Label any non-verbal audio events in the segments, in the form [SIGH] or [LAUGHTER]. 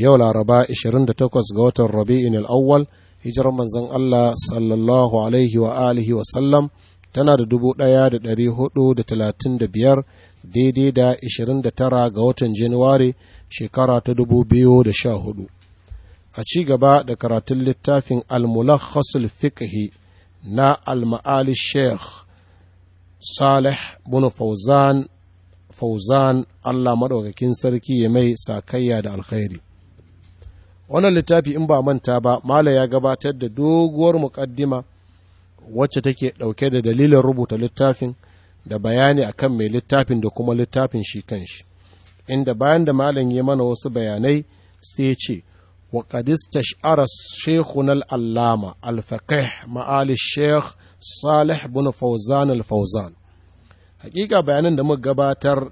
yau laraba 28 ga watan rabi'in al'awwal hijirar manzon Allah sallallahu alaihi wa alihi wa sallam tana da 1435 daidai da 29 ga watan januwari shekara ta 2014 a ci gaba da karatun littafin al-mulakhasul fiqhi na al-ma'ali sheikh salih bin fauzan fauzan Allah maɗaukakin sarki ya mai sakayya da alkhairi wannan littafi in ba manta ba mala ya gabatar da doguwar muƙaddima wacce take ɗauke da dalilin rubuta littafin da bayani akan mai littafin da kuma littafin shi kan shi inda bayan da malam ya mana wasu bayanai sai ya ce wa qadistash'ara shaykhuna al-allama al-faqih ma'ali shaykh salih bin fawzan al-fawzan hakika bayanan da muka gabatar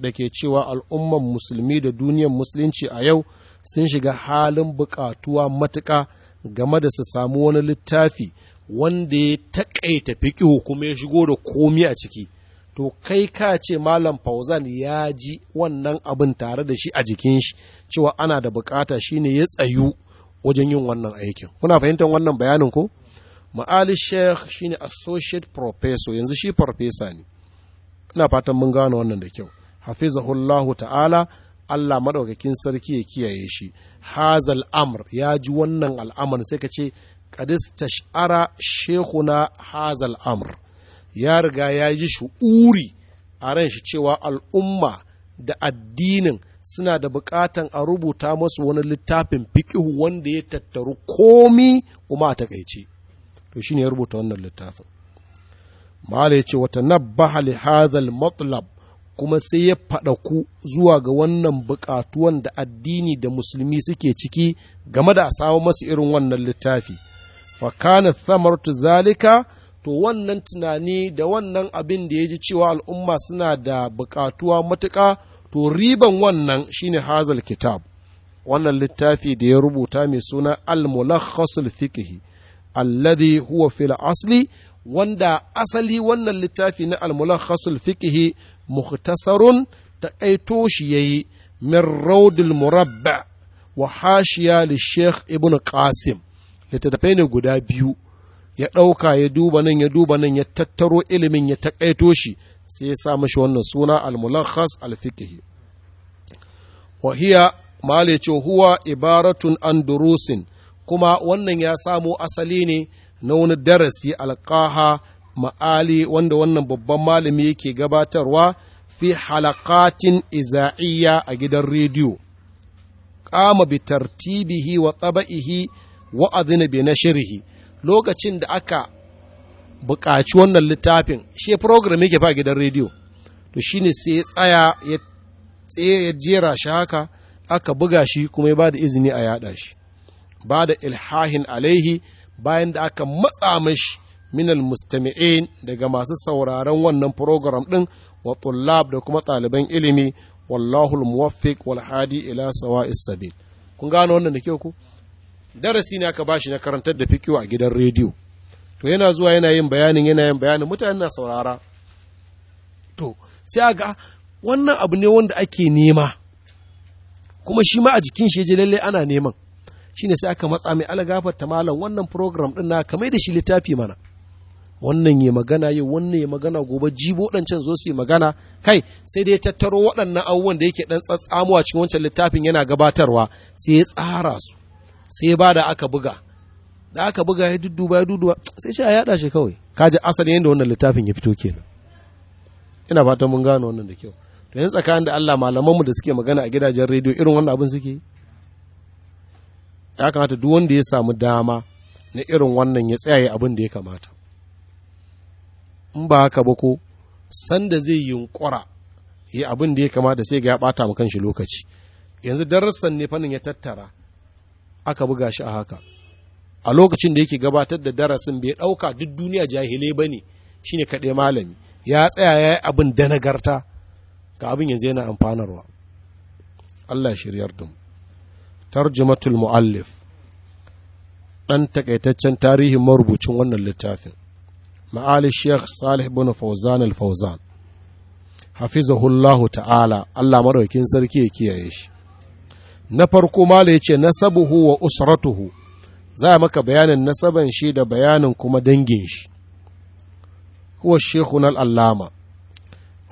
da ke cewa al'umman musulmi da duniyar musulunci a yau sun shiga halin buƙatuwa matuka game da su samu wani littafi wanda ya taƙaita fiƙi kuma ya shigo da komi a ciki to kai ka ce malam fauzan ya ji wannan abin tare da shi a jikin shi cewa ana da bukata shine ya tsayu wajen yin wannan aikin kuna fahimtar wannan bayanin ko ma'ali sheikh shine associate professor yanzu shi professor ne ina fatan mun gane wannan da kyau hafizahullahu ta'ala Allah maɗaukakin sarki ya kiyaye shi hazal amr ya ji wannan al'amar sai ka ce kadis tash'ara shekuna hazal amr ya riga ya ji shu'uri a ran shi cewa al'umma da addinin suna da buƙatan a rubuta masu wani littafin fiƙihu wanda ya tattaru komi kuma a takaice to shine ya rubuta wannan littafin mala ya ce wata nabbaha li matlab kuma sai ya faɗa ku zuwa ga wannan buƙatuwan da addini da musulmi suke ciki game da a samu masu irin wannan littafi fakana thamartu zalika to wannan tunani da wannan abin da ya ji cewa al'umma suna da buƙatuwa matuƙa to riban wannan shine hazal kitab wannan littafi da ya rubuta mai suna al-mulakhasul fiqhi alladhi huwa fil asli wanda asali wannan littafi na almulakhasul fikihi mukhtasarun taƙaito shi yayi min raudul murabba wa hashiya li sheikh ibn qasim littattafai ne guda biyu ya ɗauka ya duba nan ya duba nan ya tattaro ilimin ya taƙaito shi sai ya sa mashi wannan suna al alfikihi al-fiqhi wa hiya huwa ibaratun an durusin kuma wannan ya samo asali ne na wani darasi alƙaha ma'ali wanda wannan babban malami yake gabatarwa fi halakatin iza'iyya a gidan rediyo kama bi tartibihi wa tsaba'ihi wa adina bi shirhi. lokacin da aka buƙaci wannan littafin shi program yake fa gidan rediyo to shi ne sai ya tsaya ya tsaye ya jera shi haka aka buga shi kuma ya bada izini a yaɗa shi ba da ilhahin alaihi bayan da aka matsa mashi minal mustami'in daga masu sauraron wannan program ɗin wa tullab da kuma ɗaliban ilimi wallahu muwaffiq wal hadi ila sawa'is sabil kun gano wannan da kyau ku darasi ne aka bashi na karantar da fikiyo a gidan rediyo to yana zuwa yana yin bayanin yana yin bayanin mutane na saurara to sai a ga wannan abu ne wanda ake nema kuma shi ma a jikin shi je lalle ana neman shine sai aka matsa mai alagafar ta malam wannan program din na kamar da shi littafi mana wannan ya magana yi wannan ya magana gobe jibo can zo su yi magana kai sai dai tattaro waɗannan abubuwan da yake ɗan tsatsamuwa cikin wancan littafin yana gabatarwa sai ya tsara su sai ba da aka buga da aka buga ya dudduba ya dudduba sai shi a yaɗa shi kawai kaji asali yadda wannan littafin ya fito kenan ina fatan mun gano wannan da kyau to yanzu tsakanin da Allah malamanmu da suke magana a gidajen rediyo irin wannan abin suke yi ya kamata duk wanda ya samu dama na irin wannan ya tsaye abin da ya kamata in ba haka ba ko sanda zai yunkura ya abin da ya kamata sai ga ya bata mu kanshi lokaci yanzu darasan ne fannin ya tattara aka buga shi a haka a lokacin da yake gabatar da darasin bai dauka duk duniya jahilai ba bane shine kaɗai malami ya tsaya ya yi abin da nagarta ga abin yanzu yana amfanarwa Allah shiryar da mu tarjumatul mu'allif ɗan takaitaccen tarihin marubucin wannan littafin ma'ali sheikh salih bin fauzan al-fauzan hafizahullahu ta'ala Allah maɗaukin sarki ya kiyaye shi na farko mala yace ce nasabuhu wa usratuhu za a maka bayanin nasaban shi da bayanin kuma dangin shi huwa shekun al'allama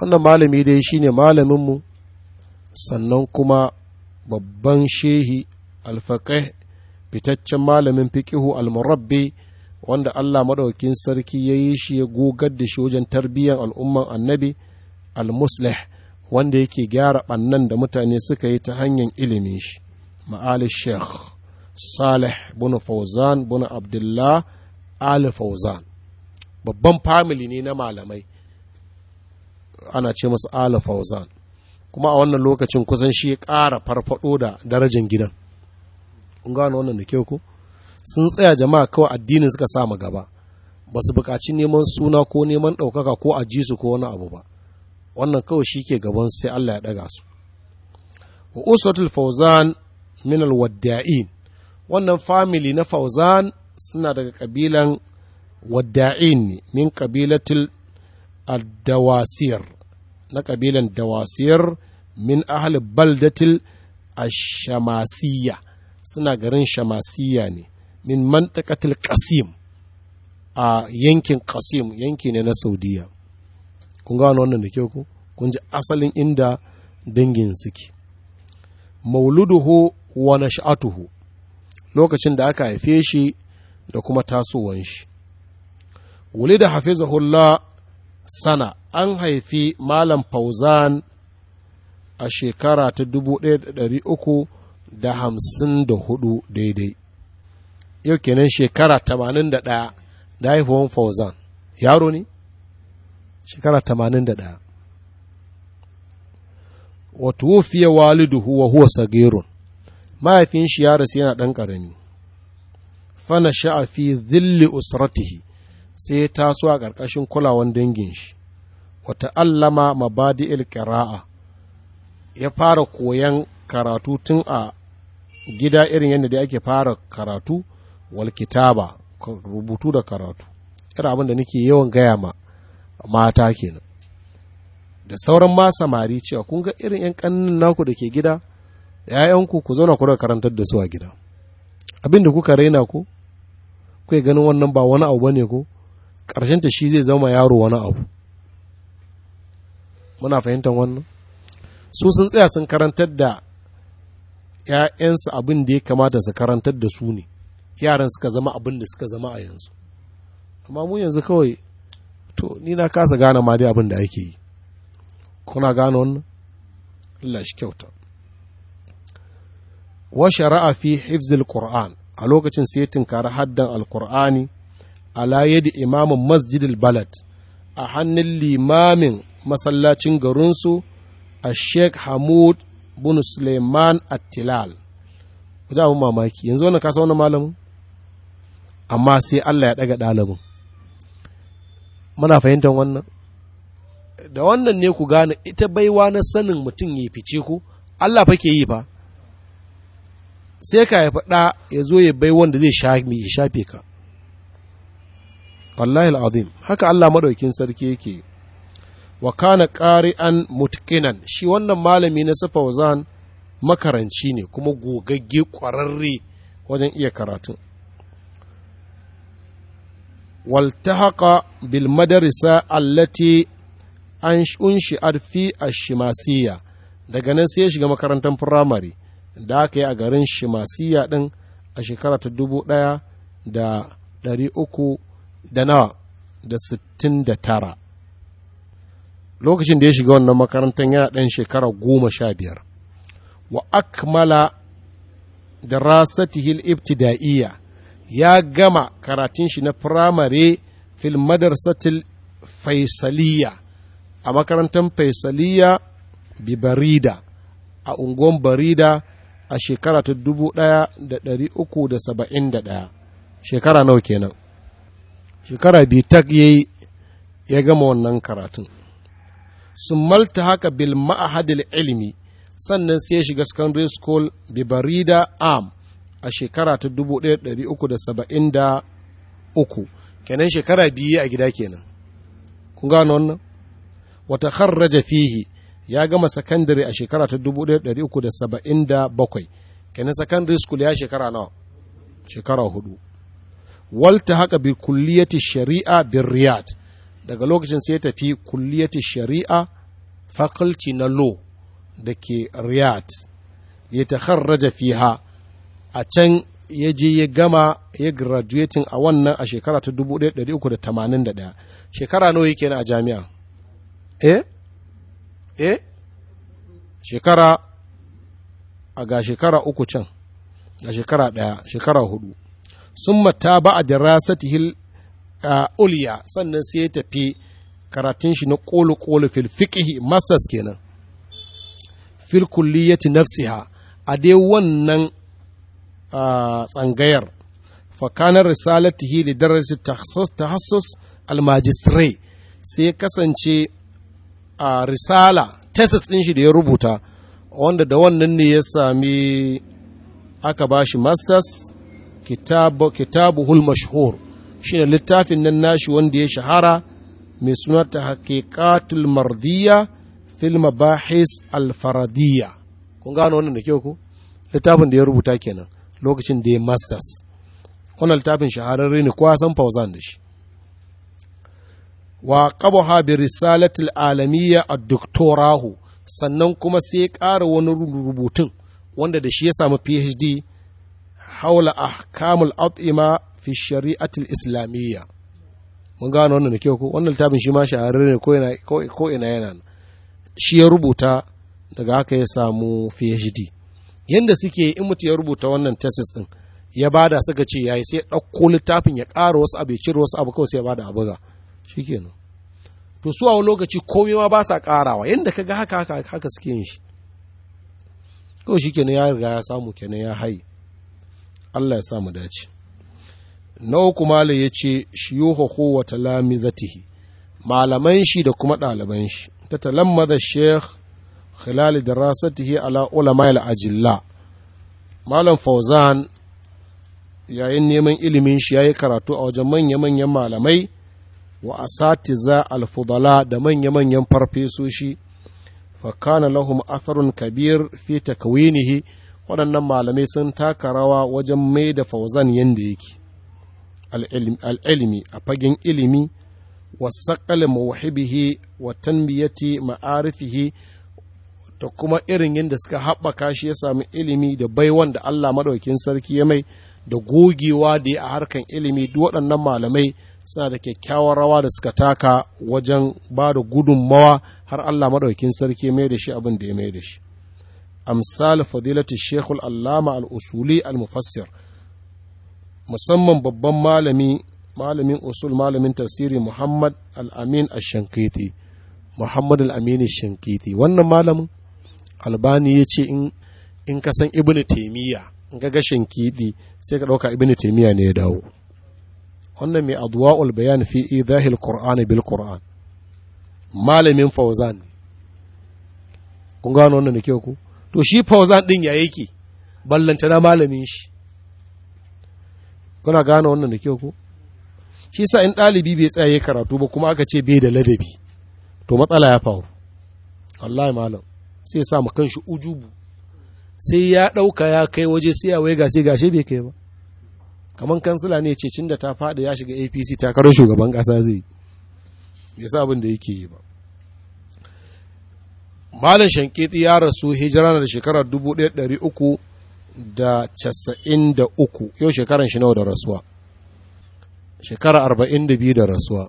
wannan malami dai shine ne malaminmu sannan kuma babban shehi alfaƙe fitaccen malamin fiƙihu almurabbi wanda Allah maɗaukin sarki ya yi shi ya gogar da shi wajen tarbiyyar al'umman annabi almuslih wanda yake gyara ɓannan da mutane suka yi ta hanyar ilimin shi ma'ali sheikh salih bin fauzan bin abdullah ali fauzan babban famili ne na malamai ana ce masu ali fauzan kuma a wannan lokacin kusan shi ya ƙara farfado da darajar gidan kun gano wannan da kyau ko sun tsaya jama'a kawai addinin suka sa mu gaba ba su buƙaci neman suna ko neman ɗaukaka ko a su ko wani abu ba wannan kawai shi ke gaban sai Allah ya ɗaga su wa usratul fauzan min alwadda'in wannan family na fauzan suna daga kabilan wadda'in ne min kabilatil addawasir na kabilan dawasir min ahli baldatil ashamasiyya suna garin shamasiya ne min mantakatil kasim a yankin kasim yanki ne na saudiya kun gano wannan da kyau ku kun ji asalin inda dangin suke mauluduhu wa nash'atuhu lokacin da aka haife shi da kuma tasowan shi wulida hafizahullah sana an haifi malam fauzan a shekara ta 1300 da hamsin da hudu daidai yau kenan shekara tamanin da ɗaya da haihuwan fauzan yaro ne shekara tamanin da ɗaya wata wofiya Walidu Huwa huwa sagerun mahaifin shi ya rasu yana ɗan ƙarami fana sha'afi zilli usratihi sai ya taso a ƙarƙashin kulawan dangin shi wata allama mabadi il ya fara koyan karatu tun a gida irin yadda da ake fara karatu wal kitaba rubutu da karatu irin abin da nake yawan gaya ma mata kenan da sauran ma samari cewa kun ga irin yan kannin naku da ke gida yayanku ƴaƴanku ku zauna ku karantar da su a gida abin da kuka raina ku kai ganin wannan ba wani abu bane ko ƙarshen ta shi zai zama yaro wani abu muna fahimtar wannan su sun tsaya sun karantar da 'ya'yansu abin da ya kamata su karantar da su ne yaran suka zama abin da suka zama a yanzu amma mu yanzu kawai to ni na kasa gane ma dai abin da ake yi kuna gane wannan Allah shi kyauta wa shara'a fi hifzil qur'an a lokacin sai tinkara haddan a laye da imamin masjidil balad a hannun limamin masallacin garinsu a sheikh hamud bunu Suleiman Attilal ku ji abin mamaki yanzu wannan kasa wani malamin amma sai Allah ya daga ɗalibin muna fahimtar wannan da wannan ne ku gane ita baiwa na sanin mutum ya fice ku Allah fa ke yi ba sai ka ya faɗa ya zo ya bai wanda zai shafe ka wallahi al'azim haka Allah maɗaukin sarki yake wa kana an mutkinan shi wannan malami na sufa wazan makaranci ne kuma gogagge ƙwararre wajen iya karatun waltahaqa bil madarisa allati an shunshi arfi a shimasiya daga nan sai ya shiga makarantar firamare da aka yi a garin shimasiya ɗin a shekara ta dubu ɗaya da ɗari uku da nawa da sittin da tara lokacin da ya shiga wannan makarantar yana ɗan shekara goma sha biyar wa akmala da rasatihil ibtida'iyya ya gama karatun shi na firamare fil madarsatil faisaliya a makarantar faisaliya bi barida a unguwar barida a shekara ta dubu ɗaya da ɗari uku da saba'in da ɗaya shekara nawa kenan shekara bi tak yayi ya gama wannan karatun sun malta haka bil ma'ahadil ilimi sannan sai ya shiga secondary school bibarida am a shekara ta 1373 kenan shekara biyu a gida kenan kun gano wannan wata kharraja fihi ya gama secondary a shekara ta 1377 kenan secondary school ya shekara nawa shekara hudu walta haka bi kulliyati shari'a bin riyadh daga lokacin sai tafi kulliyati shari'a faculty na law da ke riyadh ya takharraja fiha a can ya je ya gama ya graduating a wannan a shekara ta 1381 shekara nawa yake na a jami'a eh eh shekara a ga shekara uku can a shekara ɗaya shekara hudu sun mata ba a dirasatihil Uh, uliya sannan sai ya tafi karatun shi na ƙolu ƙolu fil fiƙihi masters kenan fil kulliyati nafsiha a dai wannan uh, tsangayar fakanar risalatihi da darasi tahassus almajistrai sai kasance a risala tesis ɗin shi da ya rubuta wanda da wannan ne ya sami aka ba shi masters kitabu-kitabu kitabuhul mashhur shi ne littafin nan nashi wanda ya shahara mai suna ta haƙiƙatul mardiya filma bahis alfaradiyya kun gano wannan da kyau ku littafin da ya rubuta kenan lokacin da ya masters wannan littafin shahararre ne kowa san fauzan da shi wa qabaha bi risalatil alamiyya a doktorahu sannan kuma sai ƙara wani rubutun wanda da shi ya samu PhD haula ahkamul at'ima fi shari'atul islamiyya mun gano wannan da kyau ko wannan littafin shi ma shahararre ne ko ina yana shi ya rubuta daga haka ya samu PhD yanda suke in mutu ya rubuta wannan thesis din ya bada suka ce yayi sai ɗauko littafin ya ƙara wasu abu ya cire wasu abu kawai sai ya bada abuga shikenan to su a lokaci komai ma ba sa ƙarawa yanda ka ga haka haka haka suke yin shi kawai shikenan ya riga ya samu kenan ya hai Allah ya sa mu dace na uku malam ya ce shiyuhu wa zatihi malaman shi da kuma ɗaliban shi ta talammada sheikh da rasatihi ala ulama al-ajilla malam fauzan yayin neman ilimin shi ya yi karatu a wajen manya-manyan malamai wa asatiza za da manya-manyan farfesoshi fa kana lahum atharun kabir fi takwinihi waɗannan malamai sun taka rawa wajen mai da fauzan yanda yake al'ilmi a fagen ilimi wa saƙal mawhibihi wa tanbiyati ma'arifihi da kuma irin yadda suka haɓaka shi ya sami ilimi da baiwan da Allah maɗaukin sarki ya mai da gogewa da ya a harkar ilimi duk waɗannan malamai suna da kyakkyawar rawa da suka taka wajen ba da gudunmawa har Allah maɗaukin sarki ya mai da shi abin da ya mai da shi. Amsal fadilatu Shekul Allama al-Usuli al-Mufassir musamman babban malami malamin usul malamin tafsiri muhammad Al-Aminu al-shankiti muhammad al-shankiti wannan malamin albani ya ce in ka san ibn taimiyya in ga gashin kiɗi sai ka ɗauka ibn taimiyya ne ya dawo wannan mai adwa'ul bayan fi idahil qur'ani bil qur'an malamin fauzan kun gano wannan da kyau ku to shi fauzan din ya yake ballantana malamin shi kuna gane wannan da kyau ko shi sa in ɗalibi bai tsaye karatu ba kuma aka ce bai da ladabi to matsala ya faru ya malam sai ya sa kanshi ujubu sai ya ɗauka ya kai waje sai ya wai gashi gashi bai kai ba kamar kansila ne ce cin da ta faɗi ya shiga apc takarar shugaban ƙasa zai ya sa abin da yake yi ba malam shanketi ya rasu hijira da shekarar uku. da casa'in da uku yau shekaran shi nawa da rasuwa shekara arba'in da biyu da rasuwa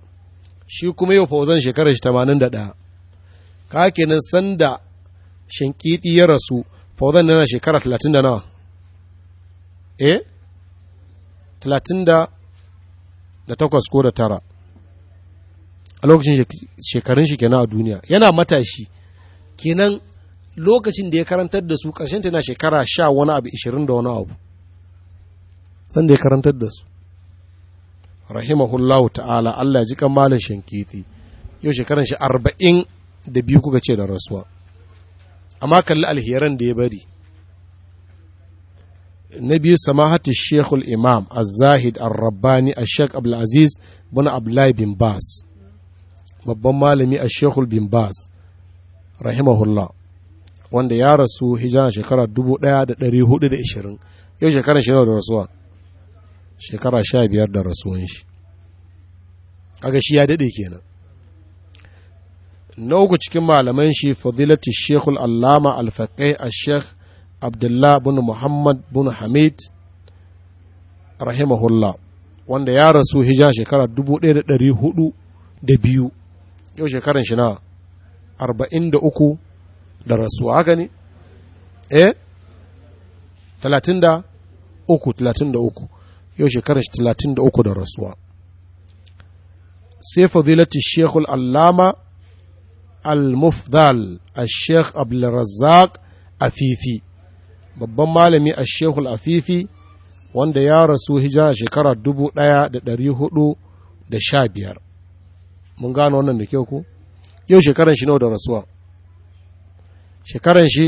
shi kuma yau fauzan shekarar shi tamanin da ɗaya ka kenan sanda shinkiti ya rasu fauzan nana shekara talatin da nawa eh talatin da da takwas ko da tara a lokacin shekarun shi kenan a duniya yana matashi kenan lokacin da ya karantar da su ƙarshen na shekara sha wani abu ishirin da wani abu san ya karantar da su rahimahullahu ta'ala Allah ya ji malin shankiti yau shekaran shi arba'in da biyu kuka ce da rasuwa amma kalli alheran da ya bari na biyu samahati shekul imam az-zahid ar-rabbani a shek abdulaziz bin abdullahi bin bas babban malami a shekul bin bas rahimahullah wanda ya rasu hijira shekara 1420 yau shekara shi da rasuwa shekara 15 da rasuwan shi aga shi ya dade kenan na uku cikin malaman shi fadilati shekul allama alfaƙai a shek abdullah bin muhammad bin hamid rahimahullah wanda ya rasu hijira shekara 1402 yau shekaran shi na 43 da rasuwa haka ne eh talatin da uku talatin da uku yau shekarar shi talatin da uku da rasuwa sai fadilati shekul allama al-mufdal a shek abdulrazzaq afifi babban malami a shekul afifi wanda ya rasu hija shekara dubu ɗaya da ɗari hudu da sha biyar mun gano wannan da kyau ku yau shekaran shi nawa da rasuwa shekaran shi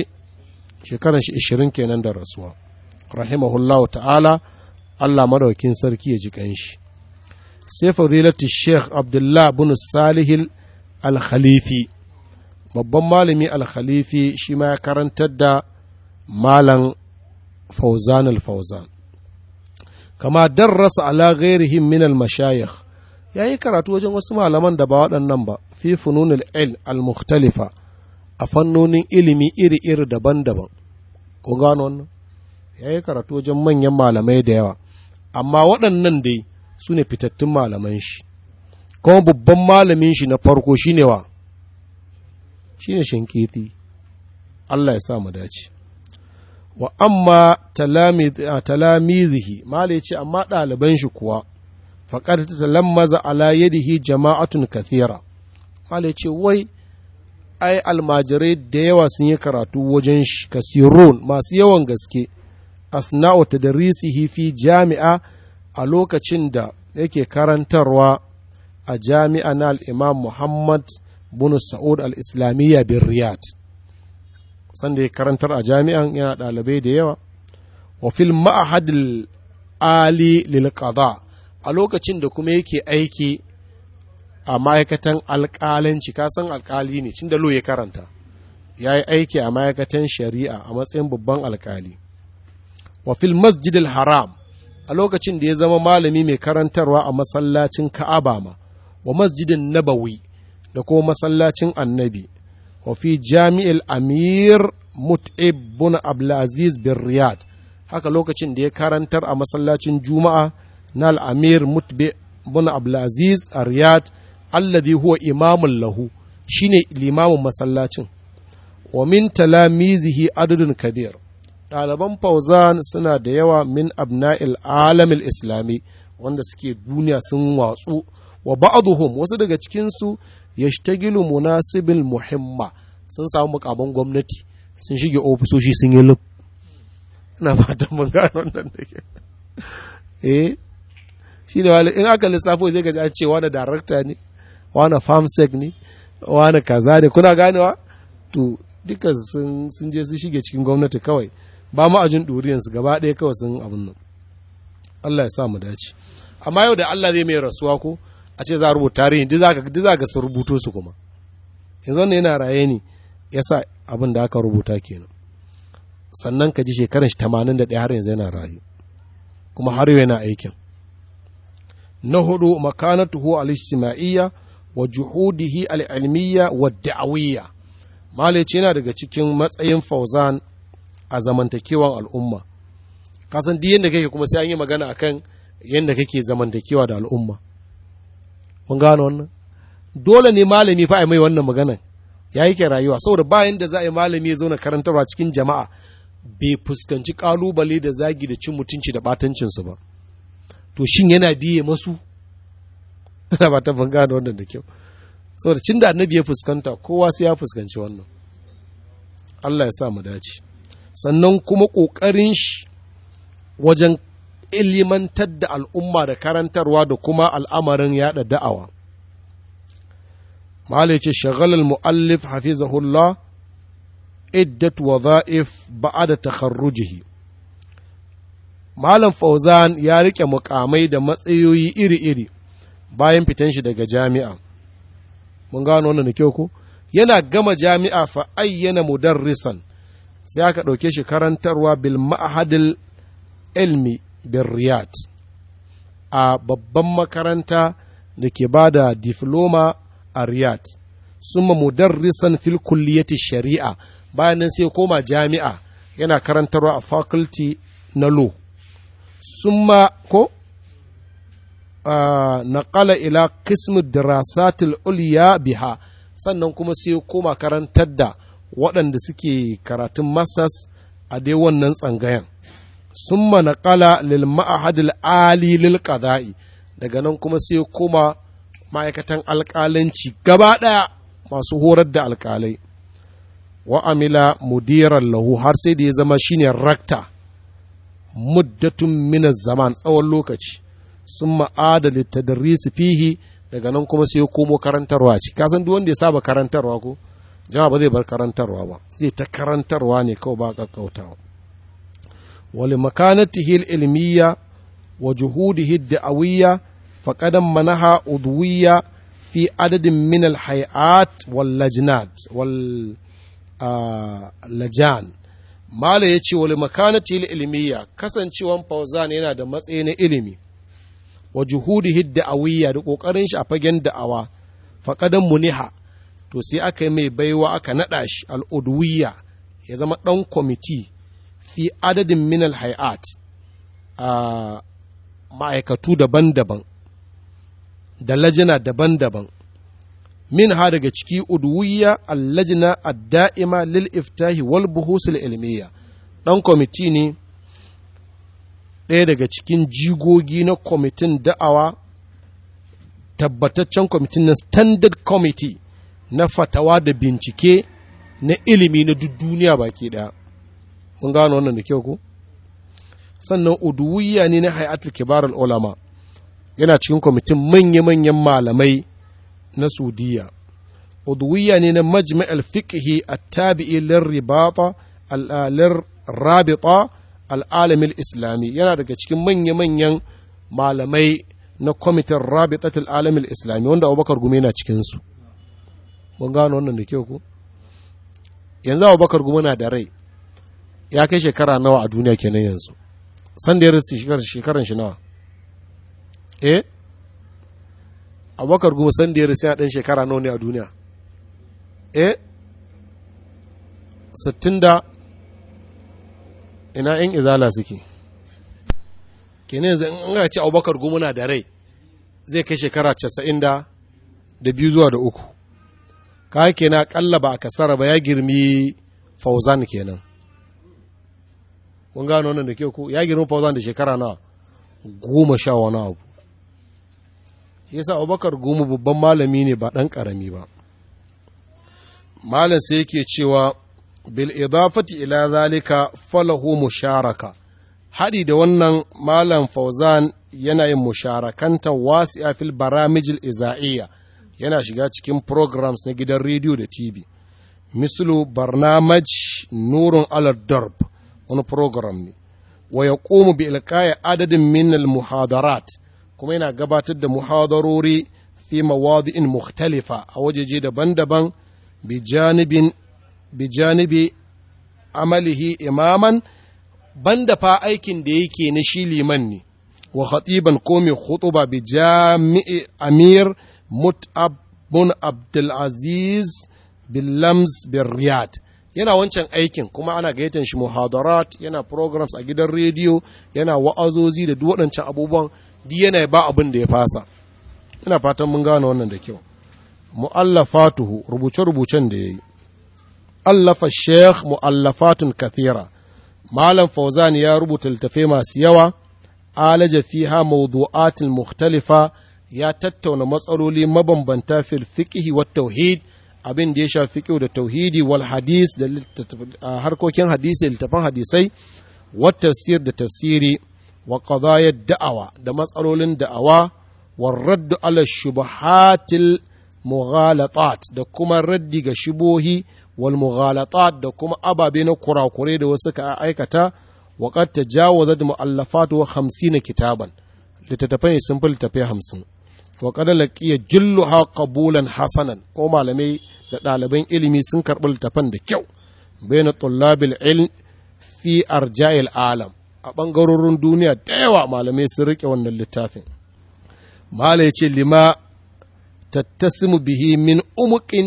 shekaran kenan da rasuwa rahimahullahu ta'ala Allah madaukin sarki ya ji kanshi sai fadilatu Sheikh Abdullah bin Salihil al-Khalifi babban malami al-Khalifi shi ma ya karantar da malam Fauzan al-Fauzan kama darrasa ala ghairihim min al-mashayikh yayi karatu wajen wasu malaman da ba waɗannan ba fi fununil al-mukhtalifa a fannonin ilimi iri-iri daban-daban kun gano wannan ya yi karatu wajen manyan malamai da yawa amma waɗannan dai su ne fitattun malaman shi kuma babban malamin shi na farko shi ne wa Shi ne shinkiti Allah ya sa mu dace wa amma talamizihi mala ya ce amma ɗaliban shi kuwa faƙar ta talammaza ala yadihi jama'atun kathira mala ya ce wai ai almajirai da yawa sun yi karatu wajen kasirun masu yawan gaske asna'u risi fi jami'a a lokacin da yake karantarwa a jami'a na alimam Muhammad bin Sa'ud al-Islamiyya bin Riyad, sanda ya karantar a jami'an yana ɗalibai da yawa wa fil ma'ahadil ali lil a lokacin da kuma yake aiki a ma'aikatan alkalanci, ka san alƙali ne cin da lo ya karanta ya yi aiki a ma'aikatan shari'a a matsayin babban alƙali wa fil masjidil haram a lokacin da ya zama malami mai karantarwa a masallacin ka'aba ma wa masjidin nabawi da kuma masallacin annabi wa fi jami'il amir mut'ib bin abdulaziz bin riyad haka lokacin da ya karantar a masallacin juma'a na al'amir mutbe bin abdulaziz a riyad allazi huwa imamun lahu shine limamin masallacin wa min talamizihi adadun kabir ɗaliban fauzan suna da yawa min abna'il alamil islami wanda suke duniya sun watsu wa ba'aduhum wasu daga cikinsu yashtagilu munasibin muhimma sun samu mukamin gwamnati sun shige ofisoshi sun yi luk ina fatan mun gano wannan da ke eh shi da wale in aka lissafo zai gaji a cewa da darakta ne wani sec ne wani kaza ne kuna ganewa to duka sun je sun shige cikin gwamnati kawai ba ma'ajin ajin gaba ɗaya kawai sun abin nan Allah ya sa mu dace amma yau da Allah zai mai rasuwa ko a ce za a rubuta tarihi duk za ka sun rubuto su kuma yanzu wannan yana raye ne ya sa abin da aka rubuta kenan sannan ka ji shekaran shi tamanin da ɗaya har yanzu yana raye kuma har yana aikin na hudu makanatuhu al-ijtima'iyya wa juhudihi al'ilmiya wa da'awiyya malice yana daga cikin matsayin fauzan a zamantakewa al'umma kasan duk yadda kake kuma sai an yi magana a kan yadda kake zamantakewa da al'umma mun gano wannan dole ne malami fa a mai wannan maganan ya yake rayuwa saboda bayan da za a yi malami ya zauna karantarwa cikin jama'a bai fuskanci kalubale da zagi da cin mutunci da batancinsu ba to shin yana biye masu [LAUGHS] ina ba ta ban gane wannan da kyau saboda cin da annabi ya fuskanta kowa sai ya fuskanci wannan Allah ya sa mu dace sannan kuma ƙoƙarin shi wajen ilimantar da al'umma da karantarwa da kuma al'amarin yada da'awa malai ce shagalar mu'allif hafizahullah iddat wadha'if ba'ada takharrujihi malam fauzan ya riƙe mukamai da matsayoyi iri-iri bayan fitan shi daga jami'a mun gano wannan da kyau ko yana gama jami'a fa ayyana mudarrisan sai aka ɗauke shi karantarwa bil ma'hadil ilmi bil riyad a babban makaranta da ke bada diploma difloma a riyad summa mudarrisan fil kulliyati shari'a bayan nan sai koma jami'a yana karantarwa a faculty na law summa ko naƙala ila kismu dirasatil ulya biha sannan kuma sai koma karantar da waɗanda suke karatun masters a dai wannan tsangayan summa naƙala lil ma'ahadil ali lil qada'i daga nan kuma sai koma ma'aikatan alƙalanci gaba ɗaya masu horar da alƙalai wa amila mudiran lahu har sai da ya zama shine rakta muddatun mina zaman tsawon lokaci sun ma'ada su fihi daga nan kuma sai ya komo karantarwa ci kasan duk wanda ya saba karantarwa ko jama'a ba zai bar karantarwa ba zai ta karantarwa ne kawai ba kakkautawa wali hil ilmiya wa juhudihi da'awiyya faqad manaha udwiyya fi adadin min al-hay'at wal lajnat ce lajan mala yace wali makanatihi ilmiya kasancewan fauzan yana da matsayi na ilimi wa juhudihi da'awiyya da kokarin shi a fagen da'awa faqadan muniha to sai aka yi mai baiwa aka naɗa shi al'udwiyya ya zama ɗan kwamiti fi adadin minal hay'at a ma'aikatu daban-daban da lajina daban-daban min ha daga ciki udwiyya allajina ad-da'ima lil iftahi wal buhusul ilmiya Ɗan kwamiti ne ɗaya daga cikin jigogi na kwamitin da'awa tabbataccen kwamitin na standard committee na fatawa da bincike na ilimi na duk duniya baki ɗaya mun gano wannan da kyau ko sannan uduwiya ne na hayatul kibarul ulama yana cikin kwamitin manya-manyan malamai na saudiya uduwiya ne na majma'al fiqhi a tabii al'alar rabita al'alamin islami yana daga cikin manya-manyan malamai na kwamitin rabitatul alamin islami wanda abubakar gume na cikinsu mun gano wannan da kyau ku yanzu abubakar gume na da rai ya kai shekara nawa a duniya kenan yanzu san da ya rasu shekaran shi nawa eh abubakar gume san da ya rasu yana ɗan shekara nawa ne a duniya eh sittin da ina yan izala suke kenan yanzu in ga ce abubakar gumuna da rai zai kai shekara casa'in da biyu zuwa da uku ka na kalla ba a kasara ba ya girmi fauzan kenan kun gano nan da ke ku ya girmi fauzan da shekara na goma sha wani abu ya sa abubakar goma babban malami ne ba ɗan ƙarami ba malam sai yake cewa bil idafati ila zalika falahu musharaka haɗi da wannan malam fauzan yana yin musharakanta wasi'a fil baramijil iza'iyya yana shiga cikin programs na gidan rediyo da tv mislu barnamaj nurun aladdarb wani program ne wa ya bi ilkaya adadin minal muhadarat kuma yana gabatar da muhadarori fi mawadi'in mukhtalifa a wajeje daban-daban bi janibin bijanibi amalihi imaman banda fa aikin da yake na shi liman ne wa khatiban ko mai khutuba bi jami'i amir mut'ab bin yana wancan aikin kuma ana gayyatar shi muhadarat yana programs a gidan rediyo yana wa'azozi da duk waɗancan abubuwan duk yana ba abin da ya fasa ina fatan mun gane wannan da kyau mu'allafatuhu rubuce-rubucen da ya yi allafa sheikh mu'allafatun kathira malam fauzan ya rubuta littattafai masu yawa alaja fiha mawdu'atin mukhtalifa ya tattauna matsaloli mabambanta fil fiqhi wat tauhid abin da ya shafi fiqh da tauhidi wal hadis da harkokin hadisi littafan hadisai wat tafsir da tafsiri wa qadaya da'awa da matsalolin da'awa war radd ala shubahatil mughalatat da kuma raddi ga shubohi wal mughalatat da kuma ababe na kurakure da wasu ka aikata wa qad tajawazat mu'allafatu 50 kitaban littattafai sun fi littattafai 50 wa qad laqiya julluha qabulan hasanan ko malamai da ɗaliban ilimi sun karɓi littattafan da kyau bayna tullabil ilm fi arja'il alam a ɓangarorin duniya da yawa malamai sun riƙe wannan littafin mala ya ce lima tattasimu bihi min umukin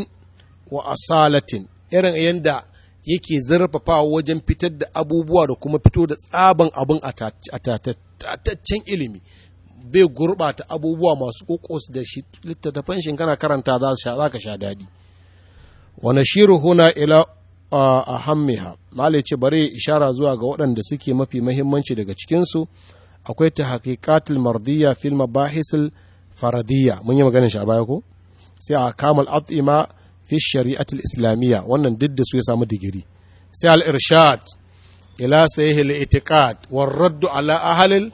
wa asalatin irin yadda yake zarfafa wajen fitar da abubuwa da kuma fito da tsaban abin a tataccen ilimi bai gurɓata abubuwa masu kokos da shi littattafan shi kana karanta za ka sha daɗi wane shiru huna ila a hammiha malai ce bare ishara zuwa ga waɗanda suke mafi mahimmanci daga cikinsu akwai ta haƙiƙatul mardiyya fil mabahisul faradiyya mun yi maganin shi a baya ko sai a kamal at'ima fi shari'atul islamiyya wannan duk da su ya samu digiri sai al-irshad ila sahih al-i'tiqad war radd ala ahli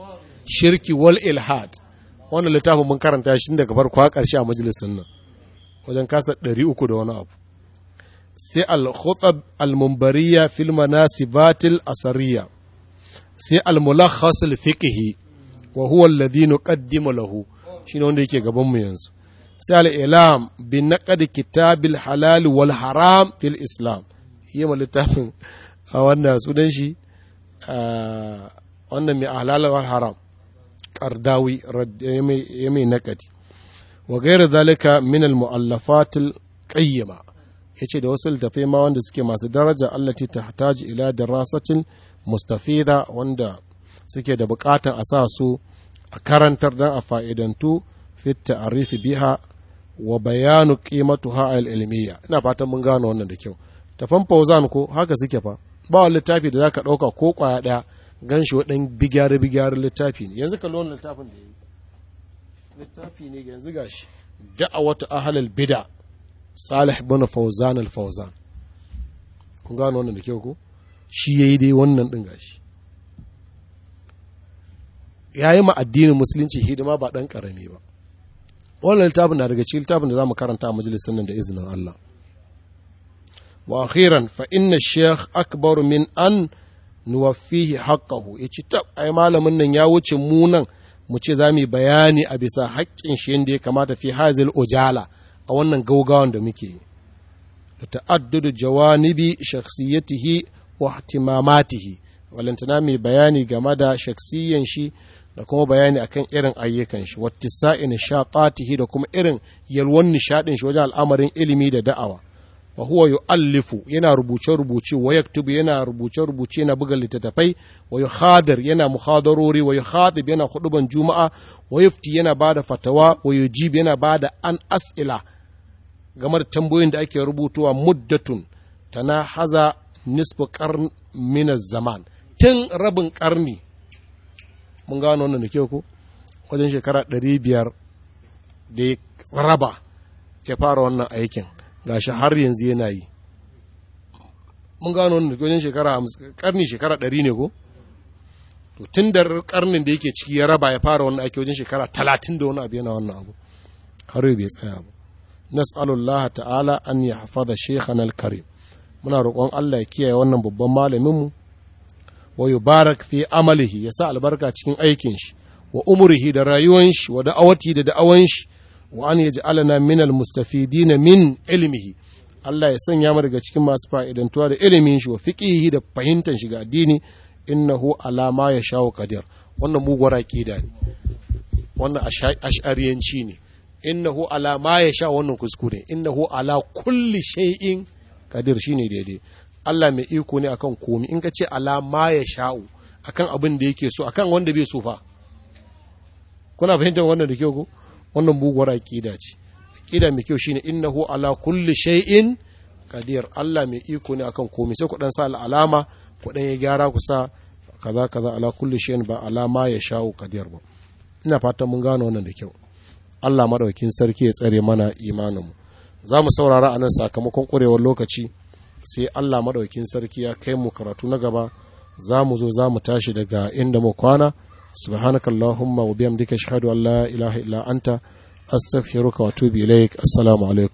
shirki wal ilhad wannan littafin mun karanta shi daga farko har karshe a majalisin nan wajen kasa 300 da wani abu sai al-khutab al-munbariyya fil manasibatil asariya sai al-mulakhas al-fiqhi wa huwa alladhi nuqaddimu lahu shine wanda yake gaban mu yanzu sai al'ilam bin naƙad kitabil halal wal haram fil islam yi ma littafin a wannan sunan shi wannan mai halal wal haram ƙardawi ya mai naƙadi wa gaira zalika min al-mu'allafatil qayyima yace da wasu littafai ma wanda suke masu daraja allati tahtaji ila darasatin mustafida wanda suke da bukatan a sa su a karantar dan a fa'idantu fi ta'arifi biha wa bayanu qimatuha al-ilmiya ina fatan mun gano wannan da kyau tafan zan ko haka suke fa ba wani littafi da zaka dauka ko kwaya daya ganshi wadan bigyare bigyare littafi ne yanzu ka lona littafin da yayi littafi ne yanzu gashi da'awatu ahlul bid'a salih bin fawzan al-fauzan kun gano wannan da kyau ko shi yayi dai wannan din gashi yayi ma addinin musulunci hidima ba dan karami ba wannan littafin na daga cikin littafin da za mu karanta a majalisun nan da izinin Allah wa akhiran fa inna sheikh akbar min an nuwaffihi haqqahu yace tab ai malamin nan ya wuce munan, nan mu ce za mu yi bayani a bisa haƙƙin shi yadda ya kamata fi hazil ujala a wannan gaugawan da muke da ta'addudu jawanibi shakhsiyatihi wa ihtimamatihi walantana mai bayani game da shakhsiyan shi da kuma bayani akan irin ayyukan shi wattisa'in nishaɗatihi da kuma irin yalwan nishaɗin shi wajen al'amarin ilimi da da'awa wa huwa yu'allifu yana rubuce rubuce wa yaktubu yana rubuce rubuce yana buga littattafai wa yuhadir yana muhadarori wa yuhadib yana huduban juma'a wa yufti yana bada fatawa wa yujib yana bada an as'ila game da tambayoyin da ake rubutuwa muddatun tana haza nisfu qarn min zaman tun rabin karni mun gano wannan da kyau ko wajen shekara ɗari biyar da ya raba ya fara wannan aikin ga shi har yanzu yana yi mun gano wannan da wajen shekara karni shekara ɗari ne ko to tun da karnin da yake ciki ya raba ya fara wannan aiki wajen shekara talatin da wani abu yana wannan abu har bai tsaya ba nas'alullah ta'ala an yahfaza shaykhana al-karim muna roƙon Allah ya kiyaye wannan babban malamin mu wa yubarak fi amalihi ya sa albarka cikin aikin shi wa umurihi da rayuwan shi wa da'awati da da'awan shi wa an minal min almustafidin min ilmihi Allah ya sanya mu daga cikin masu fa'idantuwa da ilimin shi wa fiqihi da fahimtar shi ga addini innahu ala ma yashau qadir wannan muguwar aqida ne wannan ash'ariyanci ne innahu ala ma sha wannan kuskure innahu ala kulli shay'in qadir shine daidai Allah mai iko ne akan komi in ka ce ala ya sha'u akan abin da yake so akan wanda bai so fa kuna fahimtar wannan da kyau ko wannan buguwar aqida ce aqida mai kyau shine innahu ala kulli shay'in qadir Allah mai iko ne akan komi sai ku dan sa alama ku dan ya gyara ku sa kaza kaza ala kulli shay'in ba alama ya sha'u qadir ba ina fatan mun gano wannan da kyau Allah madaukin sarki ya tsare mana imanin mu za mu saurara anan sakamakon kurewar lokaci sai Allah maɗaukin sarki ya kai mu karatu na gaba za mu zo za mu tashi daga inda mu kwana subhanaka allahumma wa duka dika shahadu Allah ilaha illa anta astaghfiruka wa atubu ilaik assalamu alaikum